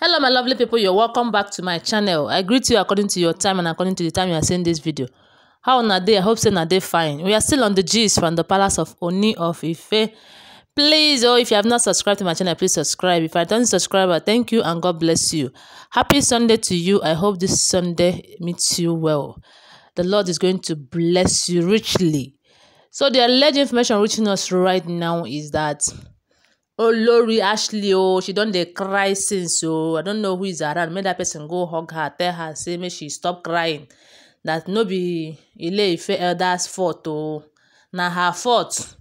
hello my lovely people you're welcome back to my channel i greet you according to your time and according to the time you are seeing this video how na day i hope say na day fine we are still on the gist from the palace of oni of ife please oh if you have not subscribed to my channel please subscribe if i don't subscriber thank you and god bless you happy sunday to you i hope this sunday meets you well the lord is going to bless you richly so the alleged information reaching us right now is that Oh Lori ashley oh she don dey cry since oh i don know who is around make dat person go hug her tell her say make she stop crying that no be ileife elders fault oh, na her fault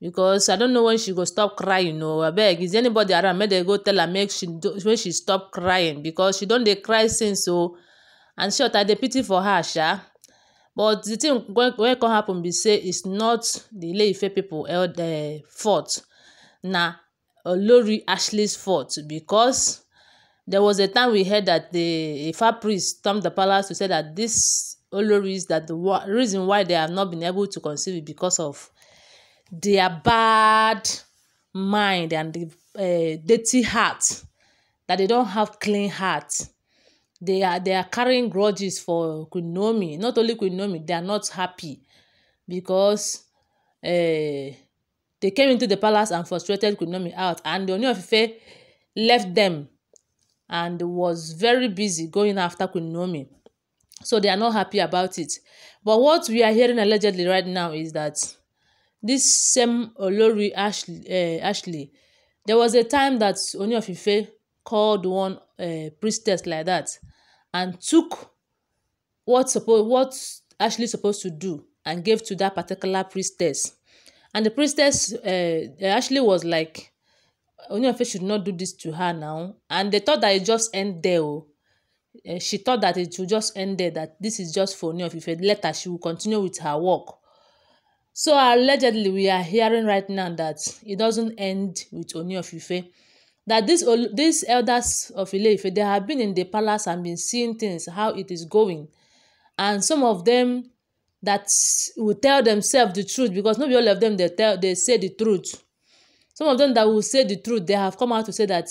because i don know when she go stop crying o abeg is anybody around make dem go tell her make she make she stop crying because she don dey cry since oh, and short i dey pity for her sha but di tin wey come happen be say its not di ileife pipo eh, fault na olori uh, ashley's fault because there was a time we heard that the Ifa priest stormed the palace to say that this Oloris that the reason why they have not been able to conceive is because of their bad mind and the uh, dirty heart that they don't have clean heart they are they are carrying grudges for Kunomi. not only Kunomi, they are not happy because uh, They came into the palace and frustrated Kunomi out, and the Oni of Ife left them and was very busy going after Kunomi. So they are not happy about it. But what we are hearing allegedly right now is that this same Olori Ashley, uh, Ashley there was a time that Oni of Ife called one uh, priestess like that and took what suppose what Ashley supposed to do and gave to that particular priestess. And the priestess uh, actually was like, Oniofe should not do this to her now. And they thought that it just end there. Uh, she thought that it would just end there, that this is just for Oniofe. Later, she will continue with her work. So allegedly, we are hearing right now that it doesn't end with Oni of That these these elders of Ile Ife, they have been in the palace and been seeing things, how it is going. And some of them, that will tell themselves the truth because not all of them they tell they say the truth some of them that will say the truth they have come out to say that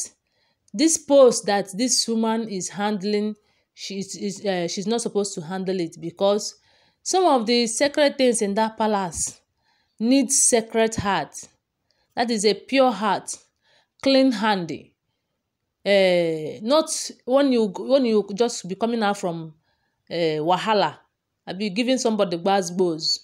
this post that this woman is handling she is, is uh, she's not supposed to handle it because some of the sacred things in that palace need sacred heart that is a pure heart clean handy uh, not when you when you just be coming out from uh, wahala abi you giving somebody bad bows.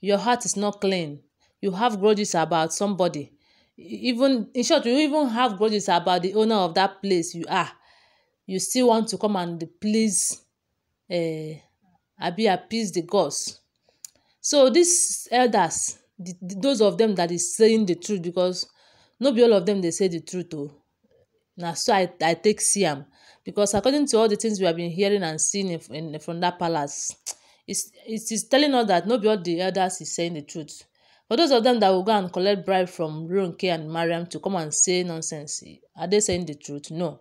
your heart is not clean you have grudges about somebody even in short you even have grudges about the owner of that place you are you still want to come and please uh, eh, I be appease the gods so these elders the, the, those of them that is saying the truth because no be all of them they say the truth o oh. Now, so i i take see am because according to all the things we have been hearing and seeing in, in, from that palace It's, it is telling us that not all the elders is saying the truth. For those of them that will go and collect bribe from Ronke and Mariam to come and say nonsense, are they saying the truth? No.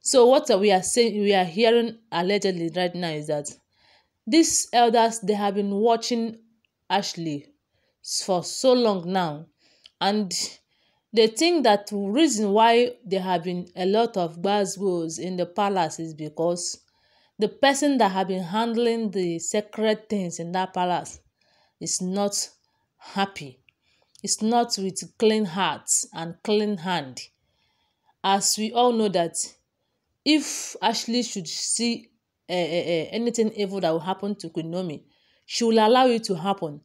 So what we are saying, we are hearing allegedly right now is that these elders they have been watching Ashley for so long now, and they think that reason why there have been a lot of buzzwords in the palace is because the person that had been handling the sacred things in that palace is not happy. It's not with clean hearts and clean hand. As we all know that if Ashley should see uh, uh, anything evil that will happen to Kunomi, she will allow it to happen.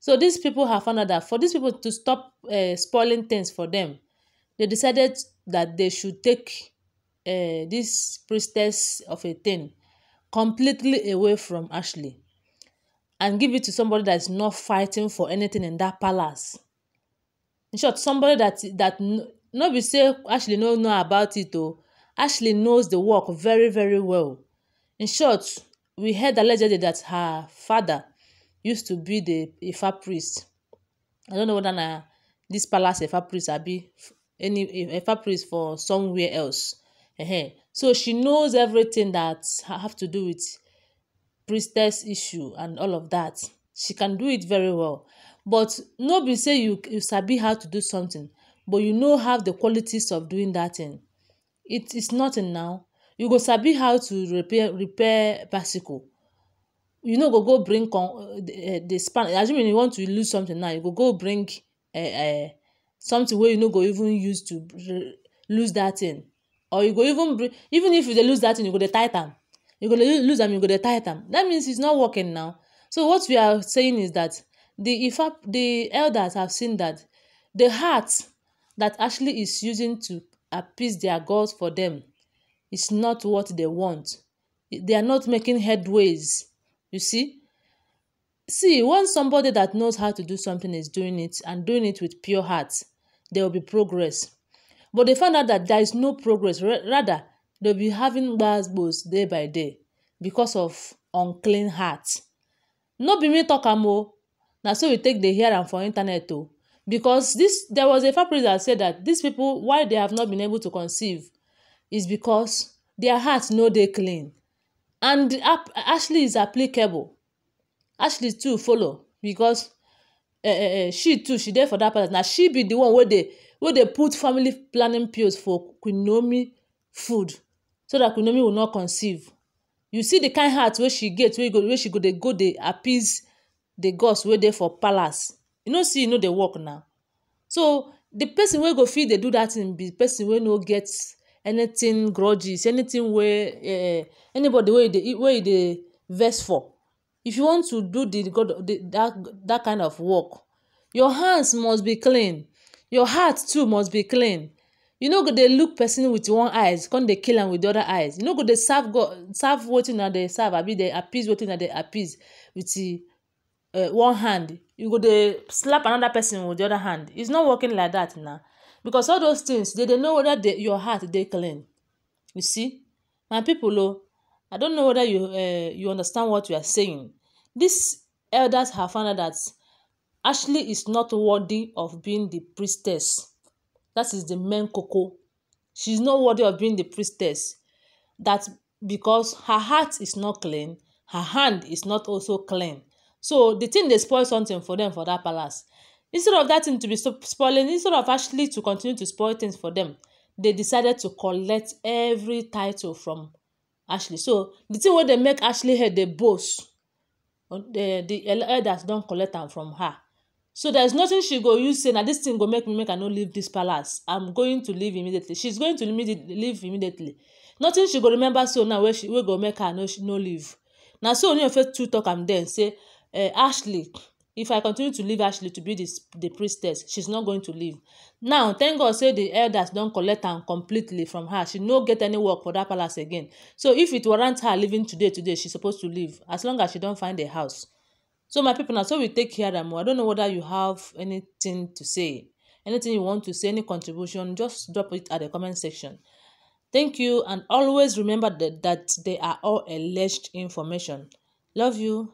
So these people have found out that for these people to stop uh, spoiling things for them, they decided that they should take uh, this priestess of a thing completely away from Ashley and give it to somebody that is not fighting for anything in that palace. In short, somebody that that no be say Ashley no know about it though. Ashley knows the work very very well. In short, we heard allegedly that her father used to be the Ifa priest. I don't know whether na this palace Ifa priest be any Ifa priest for somewhere else. Uh -huh. So she knows everything that have to do with priestess issue and all of that. She can do it very well. But no be say you you sabi how to do something, but you no have the qualities of doing that thing. It is nothing now. You go sabi how to repair repair bicycle. You no go go bring con the, uh, the span. Assuming you want to lose something now, you go go bring uh, uh, something wey you no go even use to lose that thing. or you go even even if you lose that thing you go the titan. you go lose them you go the titan. that means it's not working now so what we are saying is that the if the elders have seen that the heart that actually is using to appease their gods for them is not what they want they are not making headways you see see when somebody that knows how to do something is doing it and doing it with pure heart there will be progress But they found out that there is no progress. Rather, they'll be having gbasgbos day by day because of unclean heart. No be me talk am o. Na so we take dey hear am for internet o. Because this there was a far priest that said that these people why they have not been able to conceive is because their heart no dey clean. And Ashley is applicable. Ashley too follow because uh, uh, she too she dey for that part na she be the one wey dey wey dey put family planning pills for Queen food so dat Queen will not conceive. You see the kind heart wey she get wey go wey she go dey go dey appease the gods wey dey for palace. You know see e no dey work now. So the person wey go fit dey do that thing be person wey no get anything grudges, anything wey um anybody wey you e dey wey you e dey vex for. If you want to do the god the that dat kind of work, your hands must be clean your heart too must be clean you no go dey look person with one eyes come dey kill am with the other eyes you no go dey serve god serve wetin una dey serve abi dey appease wetin una dey appease with uh, one hand you go dey slap another person with the other hand it's not working like that na because all those things they dey know whether they, your heart dey clean you see my people o oh, i don't know whether you uh, you understand what we are saying these elders have found out that Ashley is not worthy of being the priestess. That is the main coco. She's not worthy of being the priestess. That because her heart is not clean, her hand is not also clean. So the thing they spoil something for them for that palace. Instead of that thing to be spoiling, instead of Ashley to continue to spoil things for them, they decided to collect every title from Ashley. So the thing where they make Ashley head the boss, uh, the, the elders don't collect them from her. so there is nothing she go use say na this thing go make me make i no leave this palace i'm going to leave immediately she's going to leave immediately nothing she go remember so now wey she wey go make her no no leave na so Ooni too talk am then say uh, Ashley if i continue to leave Ashley to be the, the priestess she's not going to leave now thank God say the elders don collect am completely from her she no get any work for that palace again so if it warrant her leaving today today she suppose to leave as long as she don find a house So my people, now so we take care of them. I don't know whether you have anything to say, anything you want to say, any contribution, just drop it at the comment section. Thank you and always remember that, that they are all alleged information. Love you.